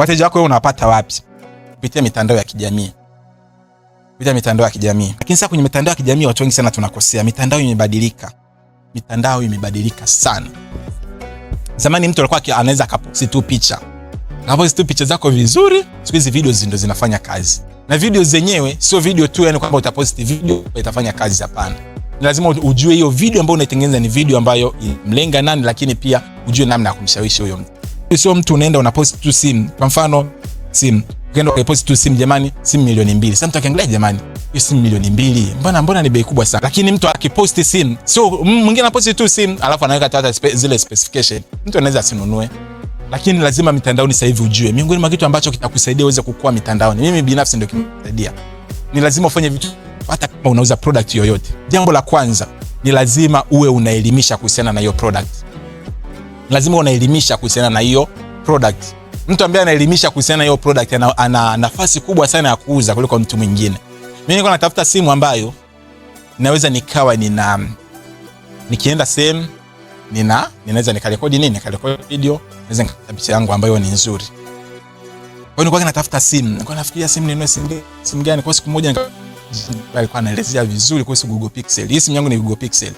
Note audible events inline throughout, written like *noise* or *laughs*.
Wateja wako wewe unawapata wapi? Kupitia mitandao ya kijamii. Kupitia mitandao ya kijamii. Lakini sasa kwenye mitandao ya kijamii watu wengi sana tunakosea. Mitandao imebadilika. Mitandao imebadilika sana. Zamani mtu alikuwa anaweza akaposti tu picha. Akaposti tu picha zako vizuri, siku hizi video ndio zinafanya kazi. Na video zenyewe sio video tu, yani kwamba utapost video itafanya kazi, hapana. Ni lazima ujue hiyo video ambayo unaitengeneza ni video ambayo mlenga nani, lakini pia ujue namna ya kumshawishi huyo mtu. Sio mtu unaenda unapost tu simu, kwa mfano simu ukaenda ukaiposti tu simu, jamani, simu milioni mbili. Sasa mtu akiangalia, jamani, hiyo simu milioni mbili, mbona mbona ni bei kubwa sana. Lakini mtu akiposti simu, sio mwingine anaposti tu simu alafu anaweka hata spe, zile specification, mtu anaweza asinunue. Lakini lazima mitandaoni sasa hivi ujue, miongoni mwa kitu ambacho kitakusaidia uweze kukua mitandaoni, mimi binafsi ndio kimenisaidia, ni lazima ufanye vitu, hata kama unauza product yoyote. Jambo la kwanza ni lazima uwe unaelimisha kuhusiana na hiyo product lazima unaelimisha kuhusiana na hiyo product. Mtu ambaye anaelimisha kuhusiana na hiyo product ana, ana nafasi kubwa sana ya kuuza kuliko mtu mwingine. Mimi niko natafuta simu ambayo naweza nikawa nina nikienda sehemu nina ninaweza nikarekodi nini, nikarekodi video, naweza nikapata picha yangu ambayo ni nzuri. Kwa hiyo nilikuwa natafuta simu, nilikuwa nafikiria simu ninunue simu gani. Kwa siku moja alikuwa anaelezea vizuri kuhusu Google Pixel. Hii simu yangu ni Google Pixel,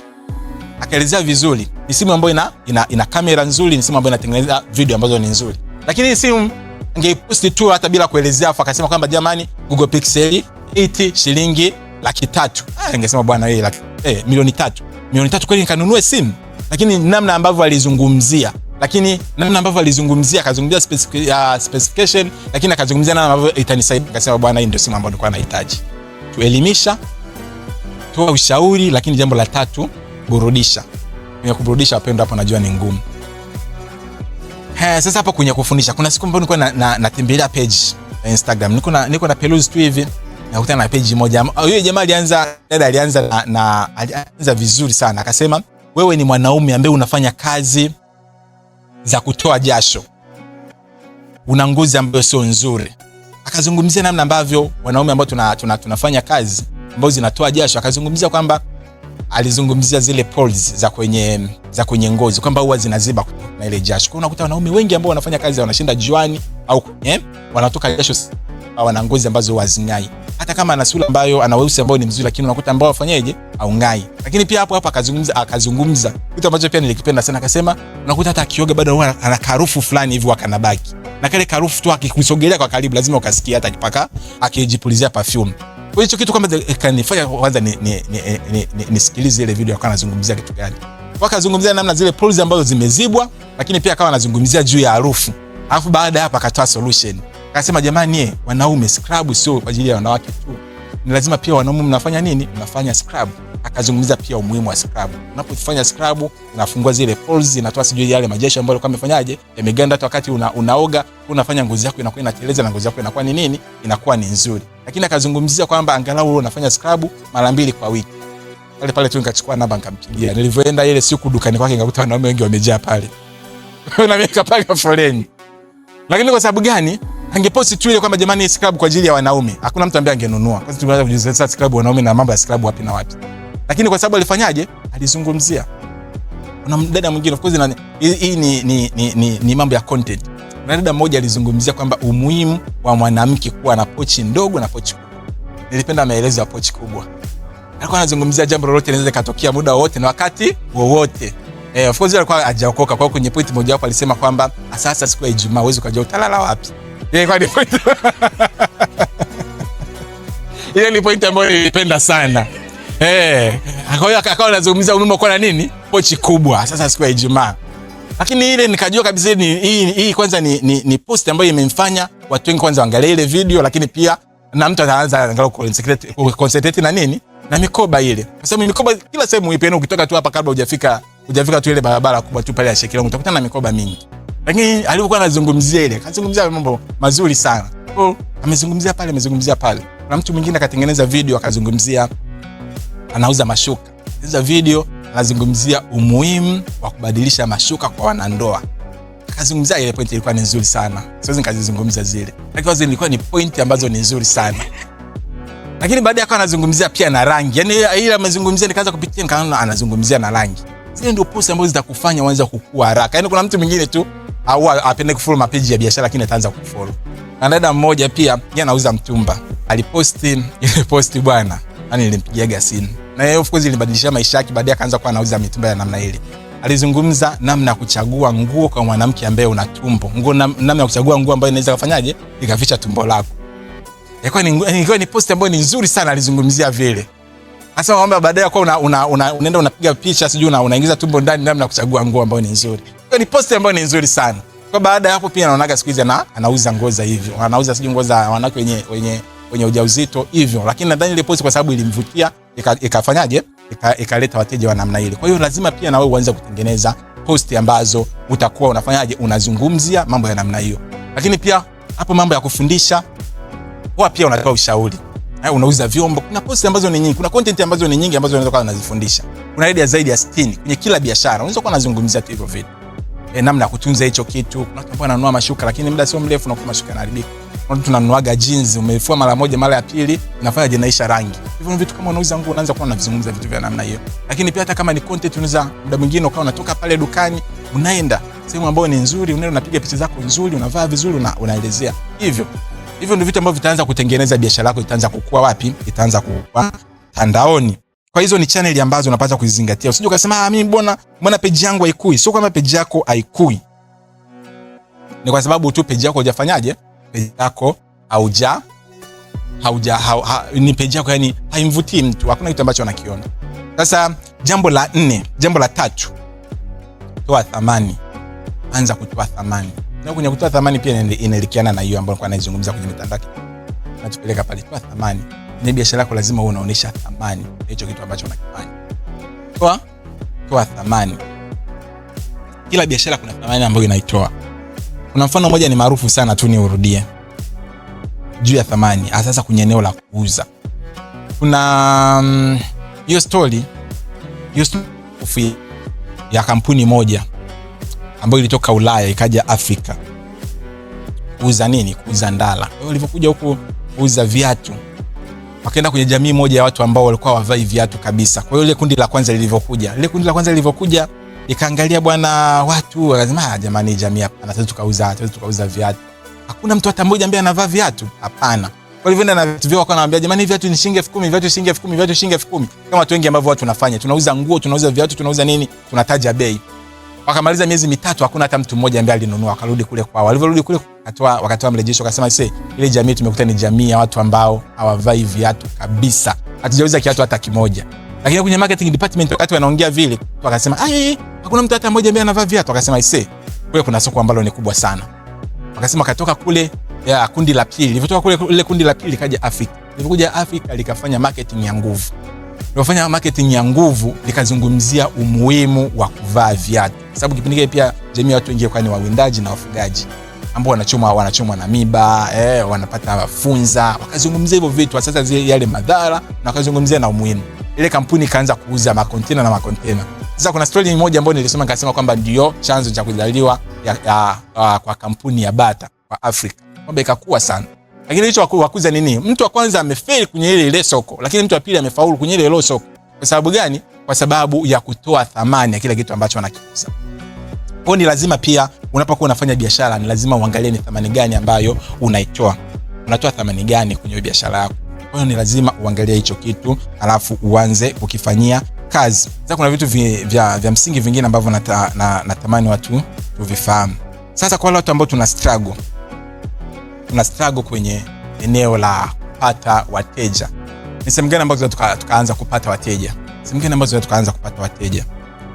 akaelezea vizuri ni simu ambayo ina, ina, ina kamera nzuri, ni simu ambayo inatengeneza video ambazo ni nzuri, lakini hii simu angeiposti tu hata bila kuelezea, afu akasema kwamba jamani, Google Pixel 8 shilingi laki tatu. Ah, bwana yeye laki eh, milioni tatu, milioni tatu kweli nikanunue simu? Lakini namna ambavyo alizungumzia lakini namna ambavyo alizungumzia akazungumzia specific, uh, ah, specification lakini akazungumzia namna ambavyo itanisaidia. Akasema bwana, hii ndio simu ambayo nilikuwa nahitaji. Tuelimisha, toa ushauri, lakini jambo la tatu burudisha ya kuburudisha wapendwa hapo najua ni ngumu. Eh, sasa hapo kwenye kufundisha kuna siku mbao nilikuwa na, na, natembelea page ya Instagram. Niko na niko na peluzi tu hivi nakutana na page moja. Ah, yule jamaa alianza dada alianza na, na alianza vizuri sana. Akasema wewe ni mwanaume ambaye unafanya kazi za kutoa jasho. Una ngozi ambayo sio nzuri. Akazungumzia namna ambavyo wanaume ambao tuna, tuna, tunafanya kazi ambao zinatoa jasho. Akazungumzia kwamba alizungumzia zile pores za kwenye za kwenye ngozi kwamba huwa zinaziba na ile jasho. Kwa unakuta wanaume wengi ambao wanafanya kazi wanashinda juani au kwenye eh, wanatoka jasho, wana ngozi ambazo wazingai, hata kama ana sura ambayo ana weusi ambao ni mzuri, lakini unakuta ambao wafanyaje au ngai. Lakini pia hapo hapo akazungumza akazungumza kitu ambacho pia nilikipenda sana, akasema unakuta hata akioga bado huwa ana harufu fulani hivi wakanabaki na kale karufu tu, akikusogelea kwa karibu lazima ukasikia, hata akipaka akijipulizia perfume hicho kitu kwamba kanifanya eh, kwanza nisikilize ile video, akawa anazungumzia kitu gani, mpaka namna zile pools ambazo zimezibwa, lakini pia akawa anazungumzia juu ya harufu. Alafu baada ya hapo akatoa solution, akasema jamani, eh, wanaume scrub sio kwa ajili ya wanawake tu ni lazima pia wanaume mnafanya nini? Mnafanya scrub. Akazungumza pia umuhimu wa scrub. Unapofanya scrub, unafungua zile pores, inatoa sijui yale majeshi ambayo alikuwa amefanyaje yameganda. Hata wakati una, unaoga unafanya ngozi yako inakuwa inateleza na ngozi yako inakuwa ni nini, inakuwa ni nzuri. Lakini akazungumzia kwamba angalau wewe unafanya scrub mara mbili kwa wiki. Pale pale tu nikachukua namba nikampigia. Yeah. Nilivyoenda ile siku dukani kwake nikakuta wanaume wengi wamejaa pale. *laughs* Na mimi kapanga foleni. Lakini kwa sababu gani? angeposti tu ile kwamba jamani, hii club kwa ajili ya wanaume, hakuna mtu ambaye angenunua. Kwanza tulianza kujiuliza club wanaume na mambo ya club wapi na wapi, lakini kwa sababu alifanyaje, alizungumzia Kuna mdada mwingine. Of course na hii ni, ni, ni, ni, ni mambo ya content. Kuna dada mmoja alizungumzia kwamba umuhimu wa mwanamke kuwa na pochi ndogo na pochi kubwa. Nilipenda maelezo ya pochi kubwa, alikuwa anazungumzia jambo lolote linaweza katokea muda wowote na wakati wowote. Eh, of course alikuwa hajaokoka kwa kwenye point moja hapo alisema kwamba sasa siku ya Ijumaa uweze kujua utalala wapi Eh, ni point *laughs* Ile ni point ambayo nilipenda sana. Eh, kwa hiyo akawa anazungumzia umuhimu kwa nini pochi kubwa sasa siku ya Ijumaa, lakini ile nikajua kabisa ni hii hii kwanza ni, ni, ni post ambayo imemfanya watu wengi kwanza waangalie ile video, lakini pia na mtu anaanza angalau concentrate na nini na mikoba ile, kwa sababu mikoba kila sehemu ipo, yaani ukitoka tu hapa kabla hujafika hujafika tu ile barabara kubwa tu pale ya Shekilongo utakutana na mikoba mingi. Lakini alivyokuwa anazungumzia ile, kazungumzia mambo mazuri sana. Oh, amezungumzia pale, amezungumzia pale. Kuna mtu mwingine akatengeneza video akazungumzia anauza mashuka. Hizo video anazungumzia umuhimu wa kubadilisha mashuka kwa wanandoa. Akazungumzia ile point ilikuwa ni nzuri sana. Siwezi nikazizungumza zile. Lakini ilikuwa ni point ambazo ni nzuri sana. Lakini baadaye akawa anazungumzia pia na rangi. yani ile amezungumzia nikaanza kupitia nikaona anazungumzia na rangi. Zile ndio post ambazo zitakufanya uanze kukua haraka. Yaani kuna mtu mwingine tu au apende kufollow mapeji ya biashara, lakini ataanza kufollow. Na dada mmoja pia yeye anauza mtumba, aliposti *laughs* ile posti bwana, yani nilimpigiaga simu na yeye, of course ilibadilisha maisha yake. Baadaye akaanza kuwa anauza mitumba ya namna ile. Alizungumza namna ya kuchagua nguo kwa mwanamke ambaye una tumbo, nguo namna ya kuchagua nguo ambayo inaweza kufanyaje ikaficha tumbo lako. Ilikuwa ni, ilikuwa ni posti ambayo ni nzuri sana, alizungumzia vile hasa kwamba baadaye kwa una, una, una, unaenda unapiga picha sijui una, unaingiza tumbo ndani namna ya kuchagua nguo ambayo ni nzuri. Kwa ni posti ambayo ni nzuri sana. Kwa baada ya hapo pia naonaga siku hizi ana, anauza nguo za hivyo, anauza sijui nguo za wanawake wenye wenye wenye ujauzito hivyo, lakini nadhani ile posti kwa sababu ilimvutia ikafanyaje, ika ikaleta ika wateja wa namna ile. Kwa hiyo lazima pia na wewe uanze kutengeneza posti ambazo utakuwa unafanyaje, unazungumzia mambo ya namna hiyo. Lakini pia hapo mambo ya kufundisha, huwa pia unatoa ushauri Eh, unauza vyombo. Kuna posti ambazo ni nyingi, kuna content ambazo ni nyingi ambazo unaweza kuwa unazifundisha. Kuna idea zaidi ya 60 kwenye kila biashara, unaweza kuwa unazungumzia tu hivyo vitu e, namna ya kutunza hicho kitu. Kuna watu wananunua mashuka lakini muda sio mrefu na mashuka yanaharibika. Kuna watu tunanunuaga jeans, umeifua mara moja mara ya pili inafanya jinaisha rangi. Hivyo vitu kama unauza nguo unaanza kuwa unavizungumza vitu vya namna hiyo. Lakini pia hata kama ni content unaweza muda mwingine ukawa unatoka pale dukani unaenda sehemu ambayo ni nzuri, unaenda unapiga picha zako nzuri, unavaa vizuri, una, unaelezea. Hivyo hivyo ndio vitu ambavyo vitaanza kutengeneza biashara yako itaanza kukua wapi? Itaanza kukua mtandaoni. Kwa hizo ni channel ambazo unapata kuzizingatia. Usije ukasema ah, mimi mbona mbona page yangu haikui. Sio kama page yako haikui. Ni kwa sababu tu page yako hujafanyaje? Page yako hauja hauja ha, ha, ni page yako yani haimvutii mtu. Hakuna kitu ambacho anakiona. Sasa jambo la nne, jambo la tatu. Toa thamani. Anza kutoa thamani. Na kwenye kutoa thamani pia inaelekeana na hiyo ambayo nilikuwa naizungumza kwenye mitandao. Natupeleka pale toa thamani kwenye biashara yako lazima uwe unaonyesha thamani hicho kitu ambacho unakifanya. Toa toa thamani. Kila biashara kuna thamani ambayo inaitoa. Kuna mfano mmoja ni maarufu sana tu, niurudie juu ya thamani, hasa kwenye eneo la kuuza. Kuna mm, hiyo um, story hiyo story ya kampuni moja ambayo ilitoka Ulaya ikaja Afrika kuuza nini? Kuuza ndala. Kwa hiyo ilivyokuja huku kuuza viatu wakaenda kwenye jamii moja ya watu ambao walikuwa wavai viatu kabisa. Kwa hiyo ile kundi la kwanza lilivyokuja, ile kundi la kwanza lilivyokuja ikaangalia bwana, watu wakasema, ah, jamani, jamii hapana, sasa tukauza, tuweze tukauza viatu. Hakuna mtu hata mmoja ambaye anavaa viatu, hapana. Walivyoenda na vitu vyao wakawa wanaambia, jamani, viatu ni shilingi 10,000, viatu shilingi 10,000, viatu shilingi 10,000. Kama watu wengi ambao watu tunafanya, tunauza nguo, tunauza viatu, tunauza nini, tunataja bei. Wakamaliza miezi mitatu, hakuna hata mtu mmoja ambaye alinunua. Wakarudi kule kwao, walivyorudi kule wakatoa wakatoa mrejesho, wakasema sisi, ile jamii tumekuta ni jamii ya watu ambao hawavai viatu kabisa, hatujauza kiatu hata kimoja. Lakini kwenye marketing department wakati wanaongea vile, wakasema ai, ah, eh, eh, hakuna mtu hata mmoja ambaye anavaa viatu. Wakasema sisi, kule kuna soko ambalo ni kubwa sana. Wakasema wakatoka kule ya kundi la pili, lilivyotoka kule ile kundi la pili kaja Afrika, lilivyokuja Afrika likafanya marketing ya nguvu nilofanya marketing ya nguvu, nikazungumzia umuhimu wa kuvaa viatu, sababu kipindi kile pia jamii watu wengi ni wawindaji na wafugaji ambao wanachomwa wanachomwa na miba eh, wanapata funza. wakazungumzia hivyo vitu, sasa zile yale madhara, na wakazungumzia na umuhimu. Ile kampuni ikaanza kuuza makontena na makontena. Sasa kuna story moja ambayo nilisema, nikasema kwamba ndio chanzo cha kuzaliwa ya, ya, ya, kwa kampuni ya Bata kwa Afrika, kwamba ikakuwa sana lakini hicho wakuza nini? Mtu wa kwanza amefail kwenye ile ile soko, lakini mtu wa pili amefaulu kwenye ile ile soko. Kwa sababu gani? Kwa sababu ya kutoa thamani ya kile kitu ambacho anakiuza. Kwa ni lazima pia unapokuwa unafanya biashara ni lazima uangalie ni thamani gani ambayo unaitoa. Unatoa thamani gani kwenye biashara yako? Kwa hiyo ni lazima uangalie hicho kitu alafu uanze kukifanyia kazi. Sasa kuna vitu vya, vya, vya msingi vingine ambavyo natamani na, na watu tuvifahamu. Sasa kwa wale watu ambao tuna struggle tuna struggle kwenye eneo la kupata wateja. Ni sehemu gani ambazo tuka, tukaanza kupata wateja? Sehemu gani ambazo tukaanza kupata wateja?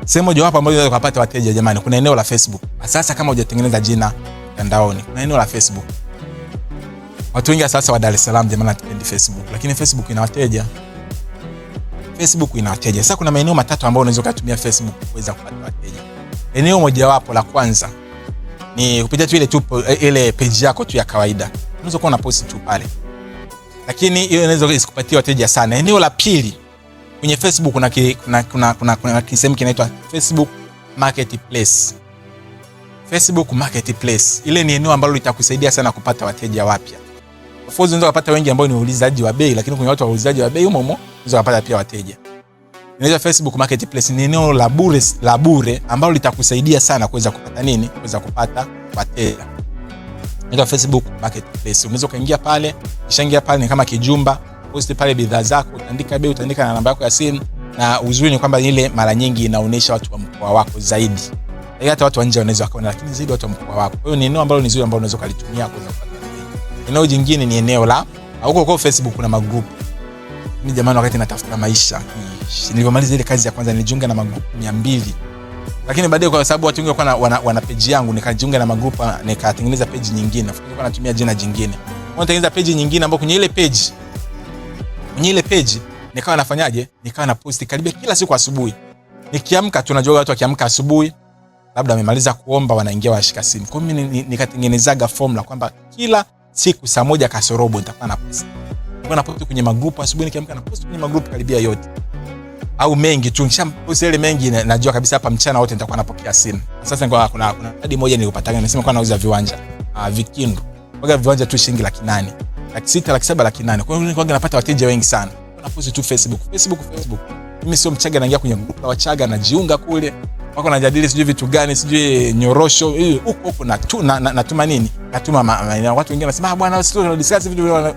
Sehemu moja wapo ambazo tunaweza kupata wateja jamani, kuna eneo la Facebook. Sasa kama hujatengeneza jina mtandaoni, kuna eneo la Facebook. Watu wengi sasa wa Dar es Salaam jamani hatupendi Facebook, lakini Facebook ina wateja. Facebook ina wateja. Sasa kuna maeneo matatu ambayo unaweza kutumia Facebook kuweza kupata wateja. Eneo mojawapo la kwanza ni kupitia tu ile tu eh, ile page yako tu ya kawaida, unaweza kuwa unapost tu pale, lakini hiyo inaweza isikupatie wateja sana. Eneo la pili kwenye Facebook kuna kuna kuna kuna, kuna kisehemu kinaitwa Facebook Marketplace. Facebook Marketplace ile ni eneo ambalo litakusaidia sana kupata wateja wapya. Of course unaweza kupata wengi ambao ni waulizaji wa bei, lakini kwenye watu waulizaji wa bei humo humo unaweza kupata pia wateja unaweza Facebook Marketplace ni eneo la bure la bure ambalo litakusaidia sana kuweza kupata nini, kuweza kupata wateja. Unaweza Facebook Marketplace, unaweza kaingia pale, kishaingia pale ni kama kijumba, post pale bidhaa zako, utaandika bei, utaandika na namba yako ya simu, na uzuri ni kwamba ile mara nyingi inaonyesha watu wa mkoa wako zaidi, yaani hata watu wa nje wanaweza wakaona, lakini zaidi watu wa mkoa wako. Kwa hiyo ni eneo ambalo ni zuri, ambalo unaweza kulitumia kuweza kupata Eneo jingine ni eneo la huko kwa Facebook, kuna magrupu mimi jamani, wakati natafuta maisha nilivyomaliza ile kazi ya kwanza nilijiunga na magrupu mia mbili lakini baadae kwa sababu watu wengi walikuwa wana, wana peji yangu nikajiunga na magrupu nikatengeneza peji nyingine natumia jina jingine nikatengeneza peji nyingine ambao kwenye ile peji kwenye ile peji nikawa nafanyaje nikawa na posti karibia kila siku asubuhi nikiamka tunajua watu wakiamka asubuhi labda wamemaliza kuomba wanaingia washika simu kwao mimi nikatengenezaga formula kwamba kila siku saa moja kasorobo nitakuwa na posti nilikuwa na posti kwenye magrupu asubuhi nikiamka na posti kwenye magrupu karibia yote au mengi tu, nikishaposti ile mengi najua kabisa hapa mchana wote nitakuwa napokea simu. Sasa kuna kuna hadi moja nilipata, nasema kwa nauza viwanja uh, ah, vikindo kwa viwanja tu shilingi laki nane laki sita laki saba laki nane Kwa hiyo kwa napata wateja wengi sana, na tu Facebook Facebook Facebook. Mimi sio Mchaga, naingia kwenye group la Wachaga najiunga kule, wako najadili sijui vitu gani sijui nyorosho huko huko, na, na, natuma nini, natuma ma, ma, na watu wengine nasema ah, bwana, sio discuss vitu vile,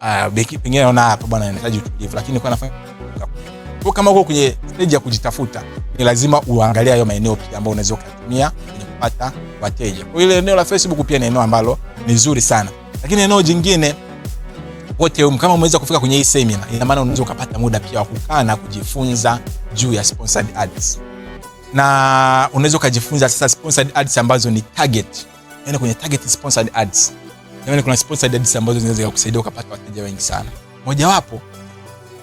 ah beki pengine naona hapa bwana, nahitaji utulivu, lakini kwa nafanya kwa kama uko kwenye stage ya kujitafuta, ni lazima uangalie hayo maeneo pia ambayo unaweza kutumia kwenye kupata wateja. Kwa ile eneo la Facebook pia ni eneo ambalo ni zuri sana. Lakini eneo jingine wote um, kama umeweza kufika kwenye hii seminar, ina maana unaweza ukapata muda pia wa kukaa na kujifunza juu ya sponsored ads. Na unaweza ukajifunza sasa sponsored ads ambazo ni target. Yaani kwenye target sponsored ads. Yaani kuna sponsored ads ambazo zinaweza kukusaidia ukapata wateja wengi sana. Mojawapo,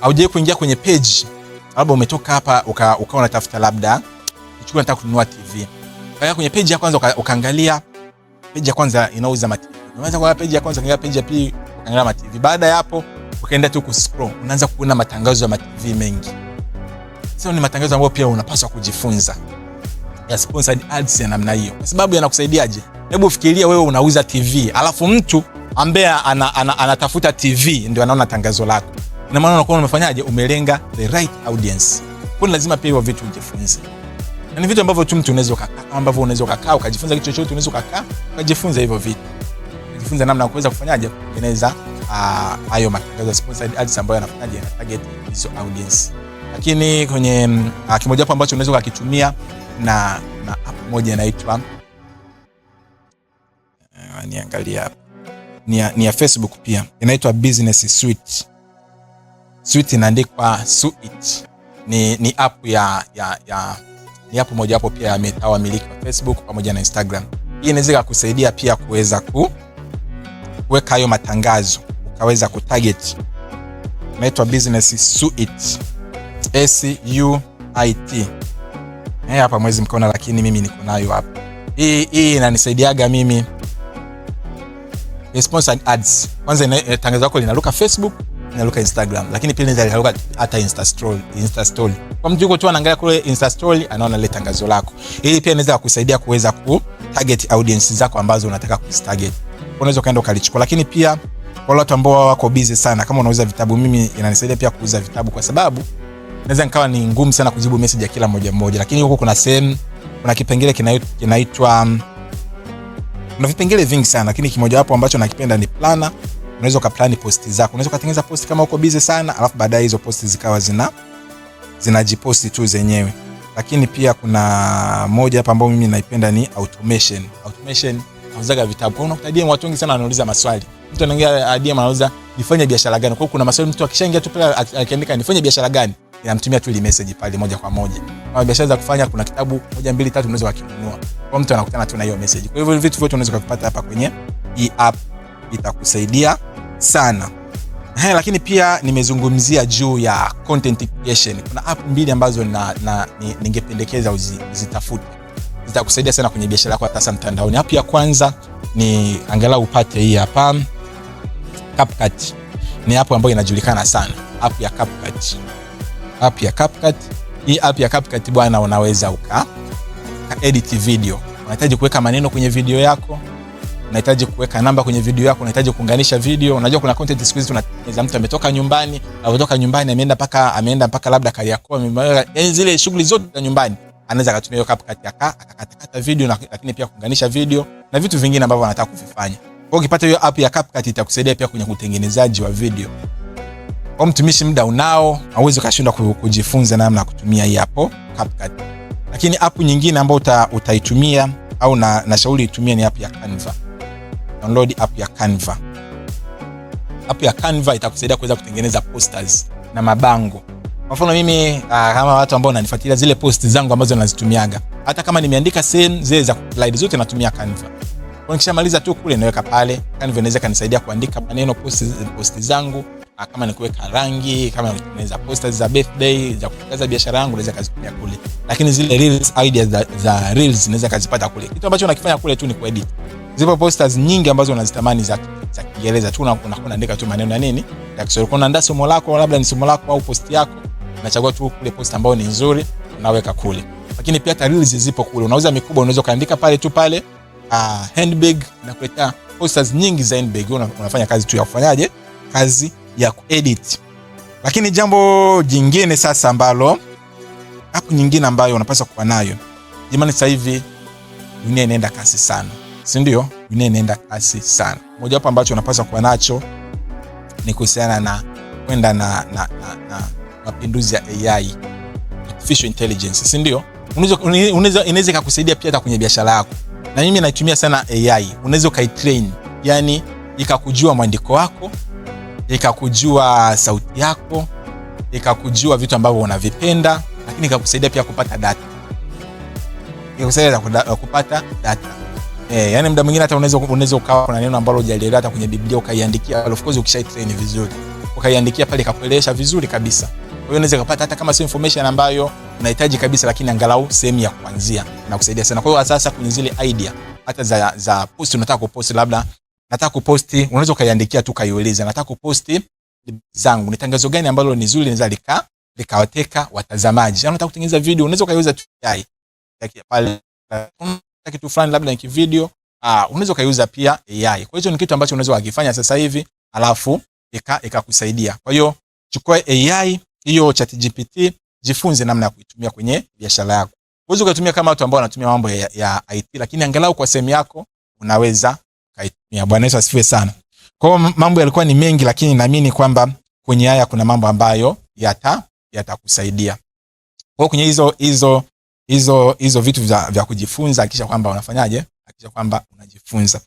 haujawahi kuingia kwenye page labda umetoka hapa ukawa uka unatafuta labda chukua, nataka kununua TV. kaa kwenye peji ya kwanza ukaangalia, peji ya kwanza inauza ma TV. Unaanza kwa ya kwanza, kaangalia peji ya pili, ukaangalia matv Baada ya hapo ukaenda tu kuscroll, unaanza kuona matangazo ya matv mengi. Sio, ni matangazo ambayo pia unapaswa kujifunza ya sponsored ads ya namna hiyo, kwa sababu yanakusaidiaje? Hebu fikiria wewe unauza TV alafu mtu ambaye anatafuta ana, ana, ana TV ndio anaona tangazo lako. Ina maana unakuwa umefanyaje, umelenga the right audience. Kwa lazima pia hiyo vitu ujifunze, na ni vitu ambavyo tu mtu unaweza ukakaa, ambavyo unaweza ukakaa ukajifunza kitu chochote, unaweza ukakaa ukajifunza hivyo vitu, unajifunza namna ya kuweza kufanyaje, kutengeneza ah, hayo matangazo ya sponsored ads ambayo yanafanyaje, na target hizo audience. Lakini kwenye ah, kimoja hapo ambacho unaweza ukakitumia na na app moja inaitwa eh, niangalia, ni ya, ni ya Facebook pia inaitwa Business Suite Suite inaandikwa Suite. Ni, ni app ya, ya, ya, ni app moja hapo pia ya miliki wa Facebook pamoja na Instagram. Hii inaweza kukusaidia pia kuweza ku kuweka hayo matangazo ukaweza kutarget. Inaitwa Business Suite. S U I T. Eh, hapa mwezi mkaona, lakini mimi niko nayo hapa. Hii hii inanisaidiaga mimi sponsored ads. Kwanza eh, tangazo lako linaruka Facebook ninaruka Instagram, lakini pia naweza nikaruka hata Insta story, Insta story. Kwa mtu yuko tu anaangalia kule Insta story, anaona lile tangazo lako. ili pia inaweza kukusaidia kuweza ku target audience zako ambazo unataka kuzitarget. Unaweza kaenda ukalichukua, lakini pia wale watu ambao wako busy sana, kama unauza vitabu, mimi inanisaidia pia kuuza vitabu kwa sababu naweza nikawa ni ngumu sana kujibu message ya kila mmoja mmoja, lakini huko kuna sehemu, kuna kipengele kinaitwa, mm, kuna vipengele vingi sana, lakini kimojawapo ambacho nakipenda ni plana unaweza ukaplani posti zako, unaweza ukatengeneza posti kama uko busy sana, alafu baadaye hizo posti zikawa zina zinajiposti tu zenyewe. Lakini pia kuna moja hapa ambayo mimi naipenda ni automation. Automation nauzaga vitabu. Kwa unakuta DM watu wengi sana wanauliza maswali. Mtu anaingia ah, DM anauliza nifanye biashara gani? Kwa hiyo kuna maswali mtu akishaingia tu pale akiandika nifanye biashara gani? Inamtumia tu ile message pale moja kwa moja. Kwa biashara za kufanya kuna kitabu moja mbili tatu unaweza kununua. Kwa mtu anakutana tu na hiyo message. Kwa hivyo vitu vyote unaweza kupata hapa kwenye hii app itakusaidia sana. He, lakini pia nimezungumzia juu ya content creation. Kuna app mbili ambazo na, na, ningependekeza uzi, zitakusaidia sana kwenye biashara yako hasa mtandaoni. App ya kwanza ni angalau upate hii hapa CapCut. Ni app ambayo inajulikana sana, app ya CapCut. App ya CapCut. Hii app ya CapCut bwana, unaweza uka edit video, unahitaji kuweka maneno kwenye video yako unahitaji kuweka namba kwenye video yako, unahitaji kuunganisha video. Unajua kuna content siku hizi tunatengeneza, mtu ametoka nyumbani au kutoka nyumbani ameenda paka ameenda paka labda Kariakoo, yani zile shughuli zote za nyumbani anaweza akatumia hiyo CapCut akakatakata video, na, lakini pia kuunganisha video na vitu vingine ambavyo anataka kuvifanya. Kwa hiyo ukipata hiyo app ya CapCut itakusaidia pia kwenye utengenezaji wa video. Kwa mtumishi, muda unao, hauwezi ukashindwa kujifunza namna ya kutumia hii hapo CapCut. Lakini app nyingine ambayo utaitumia au na, na shauri itumie ni app ya Canva download app ya Canva. App ya Canva itakusaidia kuweza kutengeneza posters na mabango. Kwa mfano mimi uh, kama watu ambao wananifuatilia, zile posts zangu ambazo nazitumiaga, hata kama nimeandika sehemu zile za slide zote natumia Canva. Kwa nikishamaliza tu kule naweka pale, Canva inaweza kanisaidia kuandika maneno post, post zangu ah, kama ni kuweka rangi, kama naweza posters za birthday za kutangaza biashara yangu naweza kazitumia kule, lakini zile reels, ideas za, za reels naweza kazipata kule. Kitu ambacho nakifanya kule tu ni kuedit zipo posters nyingi ambazo unazitamani za za Kiingereza tu, unaandika tu maneno ya nini ya Kiswahili. Kuna somo lako, labda ni somo lako au post yako, unachagua tu kule post ambayo ni nzuri, unaweka kule. Lakini pia zipo kule, unauza unaweza kaandika pale tu pale uh, handbag na kuleta posters nyingi za handbag. Una, unafanya kazi tu ya kufanyaje, kazi ya kuedit. Lakini jambo jingine sasa ambalo app nyingine ambayo unapaswa kuwa nayo jamani, sasa hivi dunia inaenda kasi sana si ndio? Dunia inaenda kasi sana. Moja wapo ambacho unapaswa kuwa nacho ni kuhusiana na kwenda na, na, na, na mapinduzi ya AI, artificial intelligence, si ndio? Inaweza ikakusaidia pia hata kwenye biashara yako, na mimi naitumia sana AI. Unaweza ukaitrain, yani ikakujua mwandiko wako, ikakujua sauti yako, ikakujua vitu ambavyo unavipenda, lakini ikakusaidia pia kupata data, ikakusaidia kupata data Eh, yani mda mwingine hata unaweza unaweza ukawa kuna neno ambalo hujalielewa hata kwenye Biblia ukaiandikia, of course ukishai train vizuri. Ukaiandikia pale ikakuelewesha vizuri kabisa. Kwa hiyo unaweza kupata hata kama sio information ambayo unahitaji kabisa, lakini angalau sehemu ya kuanzia na kusaidia sana. Kwa hiyo sasa kwenye zile idea hata za za post unataka kupost labda nataka kuposti, unaweza ukaiandikia tu kaiuliza, nataka kuposti zangu ni tangazo gani ambalo ni zuri linaweza lika likawateka watazamaji. Yaani unataka kutengeneza video, unaweza ukaiuliza tu AI pale na kitu fulani labda ni kivideo, ah, unaweza ukaiuza pia AI. Kwa hiyo ni kitu ambacho unaweza kukifanya sasa hivi alafu ikakusaidia. Kwa hiyo chukua AI hiyo ChatGPT, jifunze namna ya kuitumia kwenye biashara yako. Unaweza kutumia kama watu ambao wanatumia mambo ya, ya IT, lakini angalau kwa sehemu yako unaweza kaitumia. Bwana Yesu asifiwe sana. Kwa hiyo mambo yalikuwa ni mengi, lakini naamini kwamba kwenye haya kuna mambo ambayo yata yatakusaidia Kwa hiyo kwenye hizo hizo hizo hizo vitu vya, vya kujifunza, hakikisha kwamba unafanyaje, hakikisha kwamba unajifunza.